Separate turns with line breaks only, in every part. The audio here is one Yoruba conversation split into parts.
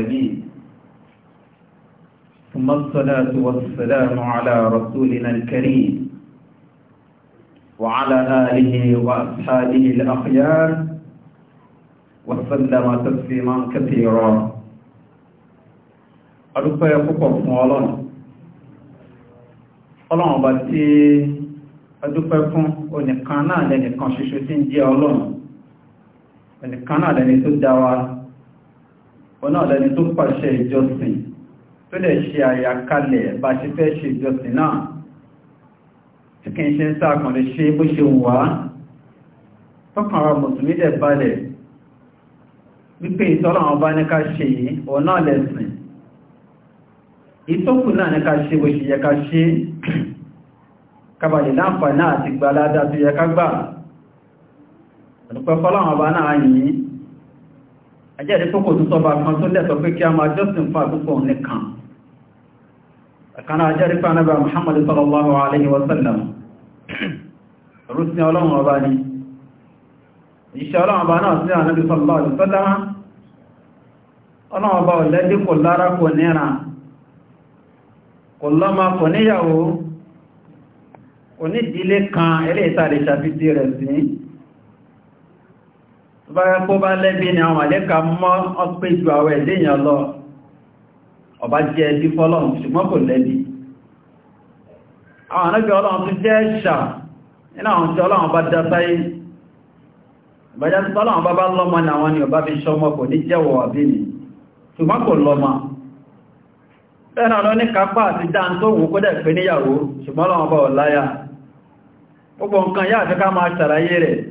الأمين ثم الصلاة والسلام على رسولنا الكريم وعلى آله وأصحابه الأخيار وسلم تسليما كثيرا أرفع يقفر فوالان ọlọ́run ọba tí ọdúpẹ́ fún onìkan náà lẹ́nìkan ṣíṣe tí ń jẹ́ ọlọ́run onìkan náà lẹ́ni tó dáwàá ọ̀nà ọ̀lẹ́ni tó pàṣẹ ìjọsìn tó lè ṣe àyàkalẹ̀ bá ṣe fẹ́ ṣe ìjọsìn náà tí kìí ṣe ń sáàkàn lè ṣe bó ṣe wà tọ́kàn ara mùsùlùmí dẹ̀ balẹ̀ wípé ìtọ́lọ̀ àwọn bá ní ká ṣe yìí yìí àjẹ́rí tó kò tún sọba kan tó lẹ́tọ̀ pé kí a máa justin fún àdúgbò nìkan ẹ̀kaná àjẹ́rí fún anábà muhammadu sallallahu alaihi wasallam rúsìn ọlọ́run ọba ni ìṣẹ́ ọlọ́run ọba náà sí anábì sallallahu alaihi wasallam ọlọ́run ọba ọ̀lẹ́dí kò lára kò níra báyá kó bá lẹ́bí ni àwọn àlẹ́kà mọ́ ọpẹ́ ju àwọn ẹ̀lẹ́yìn lọ ọba jẹ́ ẹbí fọlọ ṣùgbọ́n kò lẹ́bí àwọn anájọ́ ọlọ́run tó jẹ́ ṣà nínú àwọn tí ọlọ́run bá dátáyé bá gbogbo nǹkan yáà fi ká máa rẹ̀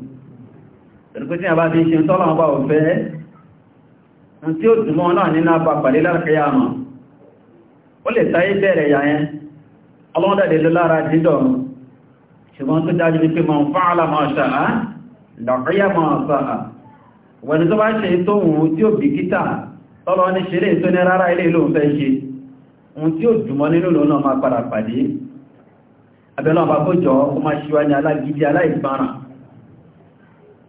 ìrùkútí àbá ti ṣe tọ́lọ̀ ọba òfẹ́ tí ó dùnmọ́ náà nínú apá pàdé lárúkẹyà mọ̀ ó lè táyé bẹ̀rẹ̀ yà yẹn ọlọ́dẹ̀lẹ̀ ló lára dídọ̀ ṣùgbọ́n tó dájú ní pé mọ̀ fáàlà mọ̀ ṣàá lọ́kọ́yà mọ̀ ṣàá wẹ̀ni tó bá ṣe tó wùn tí ó bì kítà tọ́lọ ní ṣeré tó ní rárá ilé ìlú fẹ́ ṣe ohun tí ó dùnmọ́ nínú lò náà máa padà pàdé abẹ́lọ́ àbákójọ́ ó máa ṣíwá ní alágídí aláìgbáràn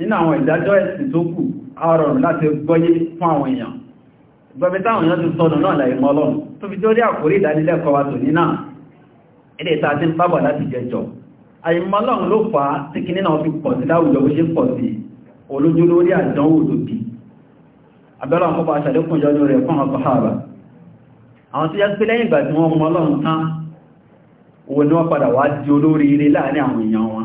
nínú àwọn ìdájọ́ ẹ̀sìn tó kù àrọ̀rùn láti gbọ́yé fún àwọn èèyàn gbọ́bí táwọn èèyàn ti sọ́nà náà láì mọ́ lọ́nà tó fi jórí àkórí ìdánilẹ́kọ̀ọ́ wa tò ní náà ilé ìta ti ń pábọ̀ láti jẹjọ àìmọ́lọ́run ló fà á tí kìnnì náà fi pọ̀ sí láwùjọ bó ṣe pọ̀ sí olójú lórí àdánwò lòdì abẹ́lọ́ ni wọ́n padà wá di olóríire láàrin àwọn èèyàn wọn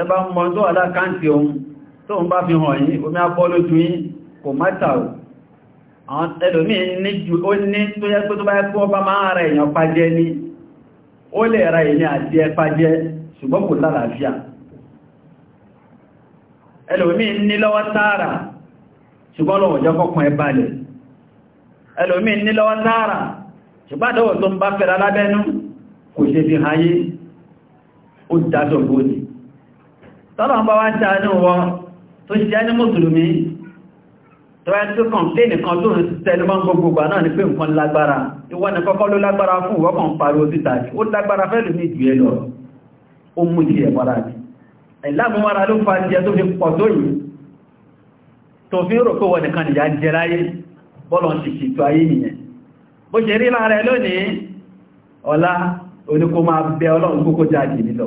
ẹbá mọ́ tó alákáǹtì ohun tó ń bá fi hàn yí omi apọ́ lójú yí kò mátà ò àwọn ẹlòmí ní jù ó ní tó yẹ pé tó bá kú ọba máa rẹ̀ èèyàn pàjẹ́ ní ó lè ra èèyàn àti ẹ pàjẹ́ ṣùgbọ́n kò lálàáfíà ẹlòmí ní lọ́wọ́ tààrà ṣùgbọ́n lọ́wọ́ jẹ́ kọ́kùn ẹ balẹ̀ ẹlòmí ní lọ́wọ́ tààrà ṣùgbọ́n tó ń bá fẹ́ra lábẹ́nú kò ṣe fi hayé ó dájọ́ gbóni tọ́lọ̀ ń bá wá ṣàánú wọn tó ṣiṣẹ́ ní mùsùlùmí tó wá tó kàn lé nìkan tó ń tẹnu mọ́ gbogbogbà náà ní pé nǹkan lágbára ìwọ ní kọ́kọ́ ló lágbára fún ìwọ pariwo síta ó lágbára fẹ́ ni ìlàmúwára ló fa jẹ tó fi pọ̀ tó yìí tó fi rò pé wọ́n nìkan nìyà jẹ láyé bọ́lọ̀ ń ṣìṣì tó lónìí ọlá oníkó máa bẹ ọlọ́run kókó jáde nílọ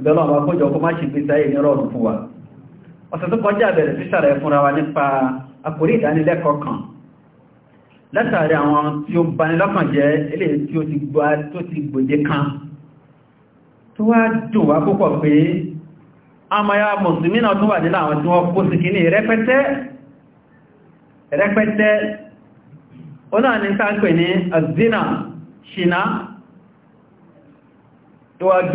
àbẹ́lọ́ àwọn akójọ kó má ṣe gbé sáyé ní rọrùn fún wa ọ̀sẹ̀ tó kọjá bẹ̀rẹ̀ sí ṣàrẹ̀ fúnra wa nípa àkórí ìdánilẹ́kọ̀ọ́ kan látàrí àwọn tí ó lọ́kàn jẹ́ ilé tí ti kan tó wá dùn wá amaya náà wà nínú àwọn tí wọ́n kó rẹpẹtẹ ó náà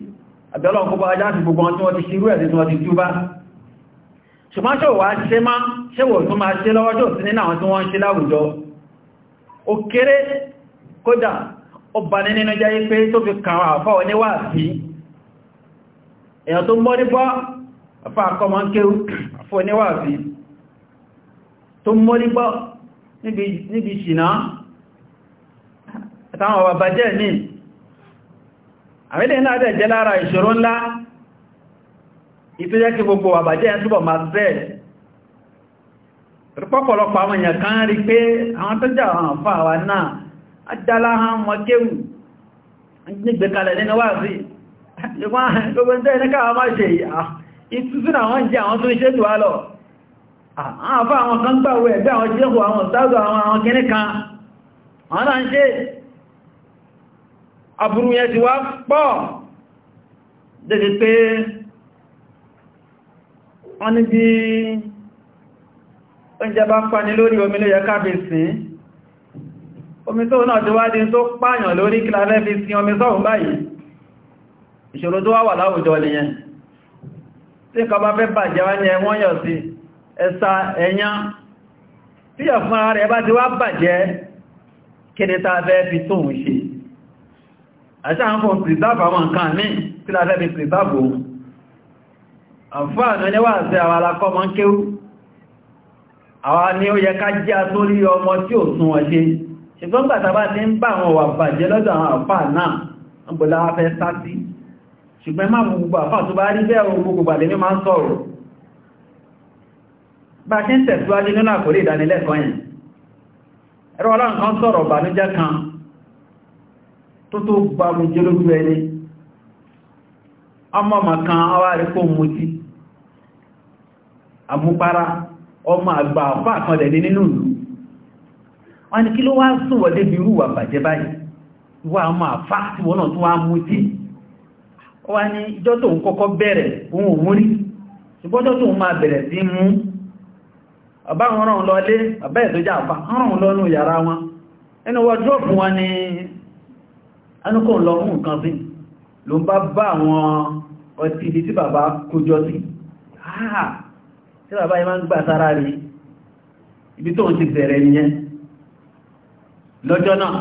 àbẹ́lọ́ gbogbo ajá sí gbogbo ọ̀tún ọdí sí irú ẹ̀ tí wọ́n ti túbá ṣùgbọ́n ṣe wà ṣe má ṣe wò tó máa ṣe lọ́wọ́jọ́ sí nínú àwọn tí wọ́n ń ṣe láwùjọ ó kéré kódà ó bá ní nínú jẹ́ pé tó fi kàwọn àfá oníwà sí èèyàn tó mọ́ nípa àfá akọmọ kéwú àfá oníwà sí tó mọ́ nípa níbi ṣìná àtàwọn bàbá jẹ́ àwẹ́lẹ̀ náà dẹ̀ jẹ́ lára ìṣòro ńlá ìtújẹ́ kí gbogbo àbàjẹ́ ẹ̀túbọ̀ máa bẹ́ẹ̀ pọ́pọ̀lọpọ̀ àwọn èèyàn kan rí pé àwọn tó jà àwọn àfà wa náà ajáláhán mọ́kéwù nígbẹ̀kalẹ̀ nínú wà sí gbogbo ẹ̀ntẹ́ ní káwà máa ṣe ah, ìtúsùn àwọn jẹ́ àwọn tó ń ṣe tù wá lọ ah, àwọn àfà àwọn kan gbàwẹ̀ ẹgbẹ́ àwọn aburú yẹn ti wá pọ̀ dédé pé wọ́n ní bí oúnjẹ bá pani lórí omi ló yẹ káàbì sí omi tó náà ti wá di tó pààyàn lórí kílàrẹ́ fi sí omi sọ́hùn báyìí ìṣòro tó wà láwùjọ nìyẹn tí kọba fẹ́ kí ni ta fẹ́ fi tóhun ṣe àṣà ń fún pìrìsáàbù àwọn nǹkan ní tí láti ẹni pìrìsáàbù ohun àǹfààní oníwà sí àwọn alákọ́ mọ́ kéwú àwọn ni ó yẹ ká jẹ́ àtórí ọmọ tí ò sún wọn ṣe ṣùgbọ́n gbàtà bá ti ń bá àwọn wà bàjẹ́ lọ́dọ̀ àwọn àfà náà ń bọ̀lá fẹ́ sátí ṣùgbọ́n má gbogbo àfà tó bá rí bẹ́ẹ̀ gbogbo gbàdé ní máa ń sọ̀rọ̀ bá ṣe ń tẹ̀síwájú nínú àkórí ìdánilẹ́kọ̀ọ́ yẹn ẹ̀rọ ọlọ́run kan sọ̀rọ̀ bànújẹ́ kan tó tó bá mú jẹ́ lójú ẹni ọmọ màkan awá rí kó mú tí àmúpara ọmọ àgbà àpá àkọlẹ̀ ní nínú ìlú wọ́n ni kí ló wá sùn wọ́dé bí irú wà bàjẹ́ báyìí wà máa fá tí wọ́n náà tó wá mú tí wọ́n ni ìjọ́ tó ń kọ́kọ́ bẹ̀rẹ̀ anúkọ̀ lọ mú nǹkan sí ló ń bá bá àwọn ọtí ibi tí bàbá kójọ sí àà tí bàbá yìí máa ń gbà sára rí ibi tó ń ti bẹ̀rẹ̀ nìyẹn lọ́jọ́ náà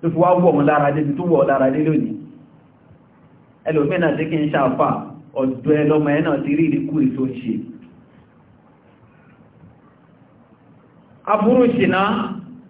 ló fi wá wọ̀ wọn lára dé tó wọ̀ lára dé lónìí ẹlòmínà tí kí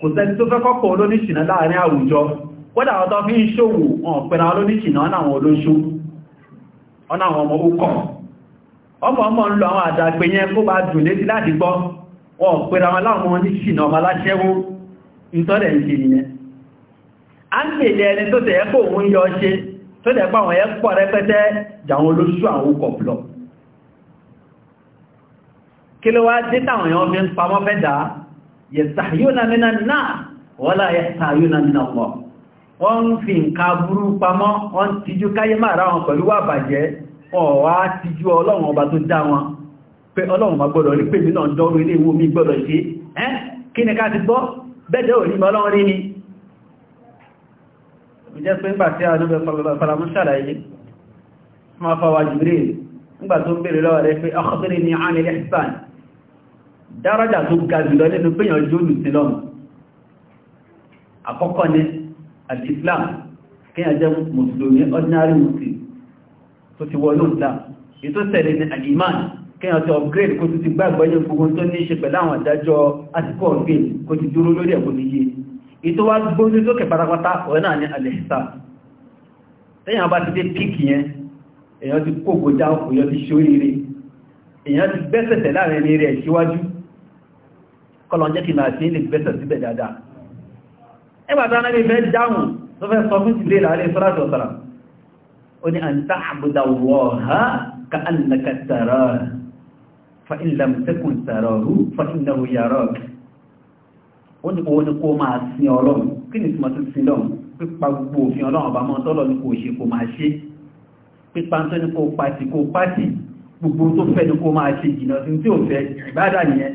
kò sẹ́ni tó fẹ́ kọ́kọ́ olóníṣìná láàrin àwùjọ kódà ọ̀tọ́ fi ń ṣòwò ọ̀n pẹ̀lá olóníṣìná ọ̀nà àwọn olóṣó ọ̀nà àwọn ọmọ òkọ̀ ọmọ ọmọ ń lọ àwọn àdàgbé yẹn kó bá dùn létí láti gbọ́ wọ́n pẹ̀lá wọn láwọn oníṣìná ọmọ aláṣẹ́wó ìtọ́lẹ̀ ń ṣe nìyẹn a ń gbèlẹ̀ kí ló wá dé táwọn èèyàn fi ń pamọ́ fẹ́ dáa yẹ̀tàyónà nínà náà wọ́lá yẹ̀tàyónà nínà pọ̀ wọ́n ń fi nǹka burú pamọ́ wọ́n tijú káyé máa ra wọn pẹ̀lú wà bàjẹ́ ọ̀wá tijú ọlọ́run ọba tó dá wọn pé ọlọ́run ma gbọ́dọ̀ rí pé mi náà dọ́rù ilé ìwò mi gbọ́dọ̀ sí ẹ́n kí ni ká ti gbọ́ bẹ́ẹ̀dẹ̀ ò ní mọ́ ọlọ́run rí ni ìjẹ́ pé ńgbà tí a ní falamu ṣàlàyé ma fọwà jùbírí ńgbà tó ń bèèrè ni a ní ẹ̀sán dárájà tó ga jùlọ nínú péyàn jóòlù sí lọ́nà àkọ́kọ́ ní al-Islam kíyàn jẹ́ mùsùlùmí ordinary muslim tó ti wọ́n lóòtà ètò tẹ̀lé ní al-Iman kíyàn tó upgrade kó tó ti gbàgbọ́ yẹ fún tó ní ṣe pẹ̀lú àwọn àdájọ́ àtikọ́ ọ̀gbìn kó ti dúró lórí ẹ̀kọ́ ní yé ètò wá gbóní sókè pátápátá ọ̀rẹ́ náà ní al-Ihsan tẹ́yàn bá ti dé píkì kọlọ̀n jẹ́ kí máa fi lè gbẹ́sẹ̀ síbẹ̀ dáadáa ẹgbàtà náà fẹ́ dáhùn tó fẹ́ sọ fún ìdílé láàrin sọ́rọ̀tọ̀ sára ó ní an ta'budallaha ka'annaka tarahu fa in lam takun tarahu fa innahu yarak ó ní owó ní kó máa sin ọlọ́run kí ni túnmọ̀ tó sin lọ́run pípa gbogbo òfin ọlọ́run ọba mọ́ tọ́lọ́ ní kò ṣe kò máa ṣe pípa tó gbogbo tó fẹ́ ní kó máa ṣe jìnà tí ò fẹ́ ìbádà nìyẹn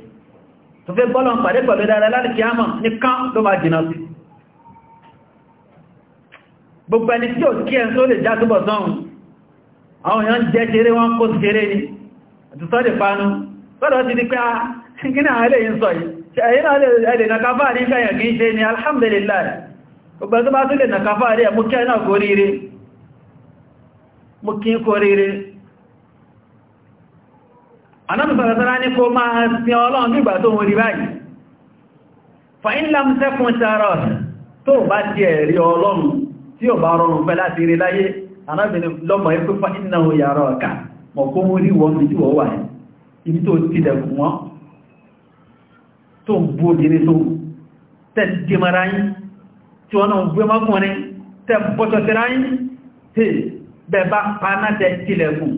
tó fẹ́ bọ́lọ̀ pàdé pẹ̀lú dára lálìkí àmà nìkan ló máa jìnà sí gbogbo ẹni tí ó kí ẹ̀ tó lè já túbọ̀ sọ́hun àwọn èèyàn jẹ́ ṣeré wọ́n kó ṣeré ni àti sọ́dẹ̀ panu sọ́dọ̀ ti di pé a ah, kí náà lè yìn sọ yìí ẹ̀yìn náà lè anábìsọ̀rọ̀sára ní kó máa sin ọlọ́run nígbà tó wọ́n rí báyìí fàyín lámsẹ́kùn sára tó bá ti ẹ̀rí ọlọ́run tí ò bá rọrùn fẹ́ láti rí láyé anábìnrin lọ́mọ̀ ikú fàyín náà yàrá ọ̀ká mọ̀ kó mú rí wọ́n tí wọ́n wà ibi tó ti dẹ̀kùn wọ́n tó ń bú obìnrin tó tẹ́jẹmara yín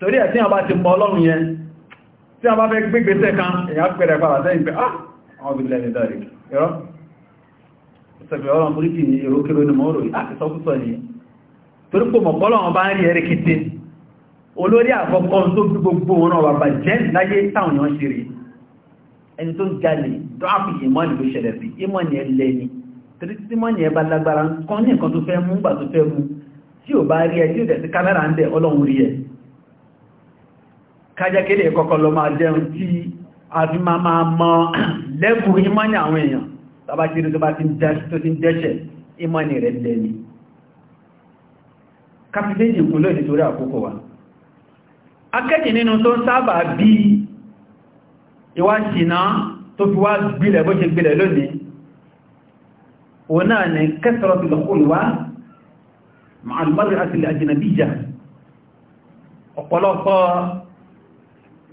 torí ẹ̀ tí a bá ti mọ ọlọ́run yẹn tí a bá fẹ́ gbígbésẹ̀ kan èyàn pẹ̀rẹ̀ padà sẹ́yìn pé ah àwọn obìnrin lẹ́ni dáre ẹ̀rọ ìsẹ̀fẹ̀ ọlọ́run burúkú ní ìrókèrò ní mọ́rò àtìsọ́kúsọ̀ ni torí pò mọ̀pọ́lọ́run bá ń rí ẹ̀rí kété olórí àkọ́kọ́ tó gbogbo wọn wà bà jẹ́ láyé táwọn èèyàn ṣe rí ẹni tó ń jalè dọ́àpù ìmọ́ni ló ṣẹlẹ̀ sí ìmọ́ni ẹlẹ́ni torí tí mọ́ni ẹ bá lágbára kan ní nǹkan tó fẹ́ mú gbà tó fẹ́ mú tí ò bá rí ẹ tí ò dẹ̀ sí kámẹ́rà ń bẹ̀ ọlọ́run rí ẹ̀ kájẹ́ kéde kọ́kọ́ lọ máa jẹun tí a fi máa máa mọ́ lẹ́kù ìmọ́ni àwọn èèyàn tàbá tí tó bá ti ń dẹ́ṣẹ̀ ìmọ́ni rẹ̀ lẹ́ni káfífẹ́jì kú lóòdì torí àkókò wa akẹ́jì nínú tó sábà bí ìwá ṣìná tó fi wá gbilẹ̀ bó ṣe gbilẹ̀ lónìí ọ̀pọ̀lọpọ̀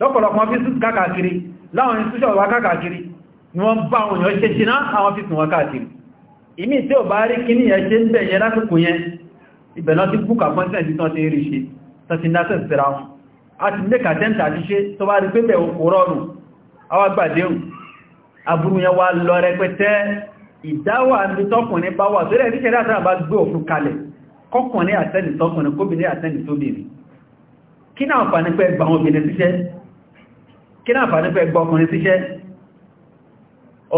lọ́pọ̀lọpọ̀ fíṣù káàkiri láwọn institution wa káàkiri ni wọ́n bá àwọn èèyàn ṣe ṣiná àwọn fíṣù wọn káàkiri ìmí tí ò bá rí kí ní ẹ̀ṣẹ́ ń bẹ̀yẹ lásìkò yẹn ìbẹ̀lọ́ ti búkà fọ́nsẹ̀ tí tán ti rí ṣe tán ti náà sẹ̀sẹ̀ra wọn a ti mẹ́kà tẹ́ntà ti ṣe tó bá rí pé bẹ̀ òkú rọrùn awágbàdéhùn aburú yẹn wá lọ rẹpẹtẹ ìdáwà ní tọkùnrin bá wà kí náà fà nípa ẹgbà àwọn obìnrin síṣẹ́ kí náà fàní pẹ́ gbọkùnrin síṣẹ́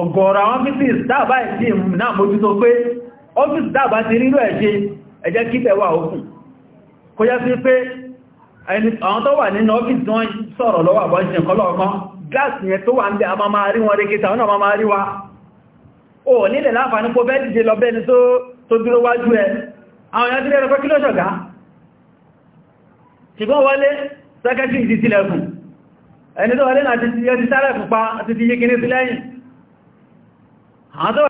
ọ̀gọ̀ọ̀rọ̀ àwọn ọ́fíìsì dáàbá ìsí náà mójútó pé ọ́fíìsì dáàbá ti rírò ẹ̀ṣẹ́ ẹjẹ́ kíbẹ̀ wà ókùn kó yá sí pé àwọn tó wà nínú ọ́fíìsì wọ́n sọ̀rọ̀ lọ́wọ́ àbọ̀ ṣe nǹkan lọ́ọ̀kan gáàsì yẹn tó wà ń bẹ a máa rí wọn rékéta wọn náà máa rí wa ò nílẹ̀ láǹfààní pọ́ bẹ́ẹ̀ dìde lọ bẹ́ẹ̀ni ẹni tó wọlé náà ti ti sáré pupa àti ti yé kìíní sí lẹ́yìn àádọ́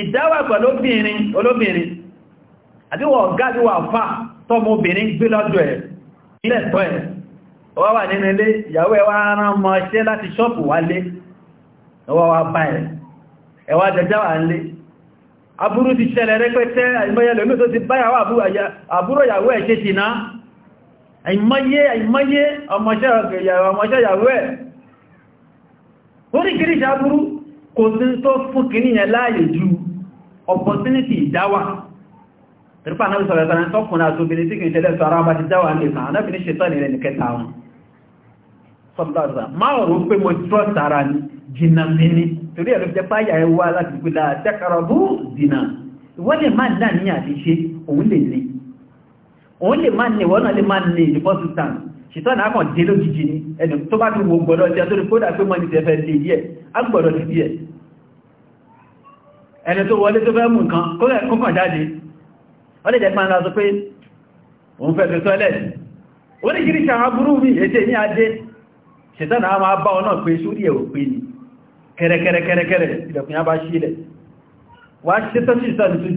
ìdáwà pẹ̀lú olóbìnrin àti wọ̀ gáàdíwà fà tọ́mọbìnrin gbé ẹ̀ ilẹ̀ tọ́ ẹ̀ wà nínú ilé ìyàwó ẹwà iṣẹ́ láti ṣọ́pù wálé bá ẹ̀ ẹwà àìmọye àìmọye ọmọṣẹ́ ìyàwó ẹ̀ oríkìríṣà burú kò sí tó fún kì níyàn láàyè ju opportunity ìdáwà tìrìpá náà sọ̀rọ̀ ìtàrà tọ́kùnrin àti obìnrin tí kì í ṣẹlẹ̀ sọ ara bá ti dáwà ní ìkàn náà fi ní ṣe tọ́nì rẹ̀ ní kẹta wọn sọ́pọ̀tàrà máa rò pé mo trust ara ní jìnà sí òun lè máa ní ìwọ́nà lè máa ní the ṣìtọ́ náà kàn dé ní ẹni tó bá a tó rí kódà pé mọ́ ní lè díẹ̀ a gbọ́dọ̀ ti díẹ̀ ẹni tó wọlé tó fẹ́ mú nǹkan kókàn jáde lè jẹ́ pé òun fẹ́ mi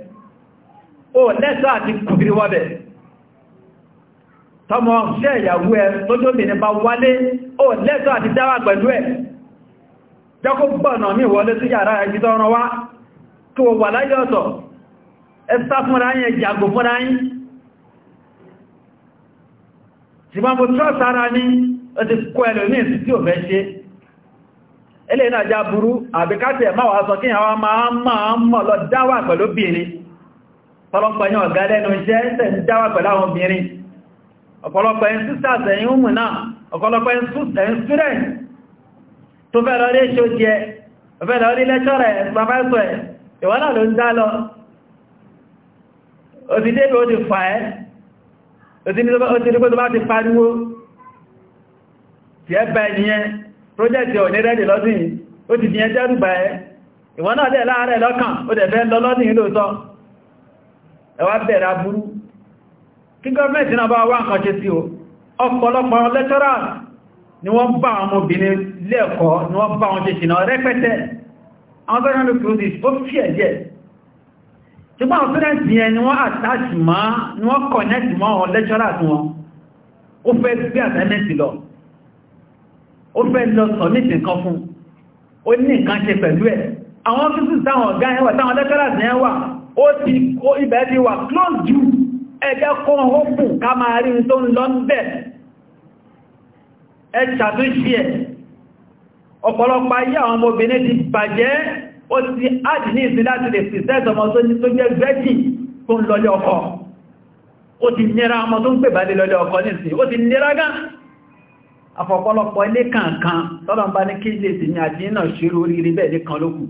ó lẹ́sọ́ àti kùbìrì wọ́bẹ̀ tọmọ ṣẹ́ ìyàwó ẹ lójóbìnrin bá wálé ó a àti dáwà pẹ̀lú ẹ̀ jẹ́kó gbọ́nà mí wọlé sí yàrá ẹ̀jí wá kí o wà láyé ọ̀tọ̀ ẹsá fúnra yẹn jàgbò fúnra ọ̀pọ̀lọpọ̀ yẹn ọ̀gá lẹ́nu iṣẹ́ ẹ̀sẹ̀ ń dáwà pẹ̀lú àwọn obìnrin ọ̀pọ̀lọpọ̀ yẹn sisters ẹ̀yìn òmù náà ọ̀pọ̀lọpọ̀ yẹn student tó fẹ́ lọ rí èṣò jẹ ọ̀fẹ́ lọ rí lẹ́ṣọ́rẹ̀ pàfẹ́sọ̀ ẹ̀ ìwọ́n náà ló ń dá lọ òtídé bí ó ti fà ẹ́ òtídé tó bá ti pariwo tí ẹ bá ẹniyẹn project ọ̀ ní rẹ́dì lọ́sìn ó ti fi ẹ jẹ́rù bá ẹ ìwọ́n náà dẹ̀ láàárẹ̀ lọ́kàn ó dẹ̀ fẹ́ lọ lọ́sìn lóòótọ́ ẹwà bẹ̀rẹ̀ aburú kí gọ́ọ̀mẹ́ntì náà bá wá nǹkan ṣe sí o ọ̀pọ̀lọpọ̀ lẹ́tọ́rà ni wọ́n bá àwọn ọmọbìnrin lẹ́ẹ̀kọ́ ni wọ́n bá wọn ṣe ṣìnà rẹ́pẹ́tẹ́ àwọn tọ́rọ ní cruises ó fi ni wọ́n attach ni wọ́n connect mọ́ àwọn lecturers wọn ó fẹ́ gbé assignment lọ ó fẹ́ lọ submit nǹkan fún ó ní nǹkan ṣe pẹ̀lú ẹ̀ àwọn ọ́fíìsì táwọn ọ̀gá yẹn táwọn lecturers yẹn wà ó ti ibẹ̀ ti wà close jù ẹjẹ́ kan hópù ká máa rí tó ń lọ bẹ̀ ẹ ṣàtúnṣe ẹ̀ ọ̀pọ̀lọpọ̀ ayé àwọn ọmọbìnrin ti bàjẹ́ ó ti ájì ní ìsin láti lè pìsẹ́ ọmọ tó ní tó jẹ́ gbẹ́jì tó ń lọlé ọkọ ó ti nira ọmọ tó ń pè bá lè lọlé ọkọ nísìn ó ti nira gan afọ̀pọ̀lọpọ̀ ilé kankan tọ́lọ̀mbá ní kí ilé ìsinmi àti iná ṣírú orí rí bẹ́ẹ̀ ní kan lókùn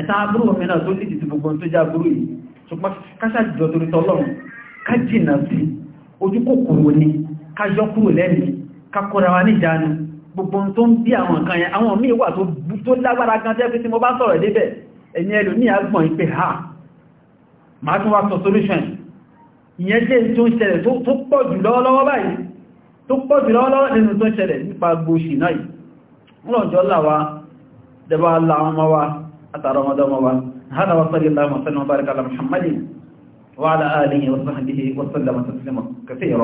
ẹ̀ta agbúrú òfin náà tó ní ìdìtì gbogbo tó já agbúrú yìí ṣùgbọ́n káṣà jọ torí tọ́lọ́run ká jìnà sí ojú kòkòrò ni ká yọ kúrò lẹ́nu ká kọra wa níjánu gbogbo tó ń bí àwọn nǹkan yẹn àwọn míì wà tó lágbára gan tẹ́ fi tí mo bá sọ̀rọ̀ débẹ̀ ẹ̀yìn máa wá solution ìyẹn jẹ́ tó ń ṣẹlẹ̀ tó pọ̀ jù lọ́wọ́lọ́wọ́ báyìí tó pọ̀ jù lọ́wọ́lọ́wọ́ nínú tó ń ṣẹlẹ̀ nípa حتى رمضان وبعد هذا وصلى الله وسلم وبارك على محمد وعلى آله وصحبه وسلم تسليما كثيرا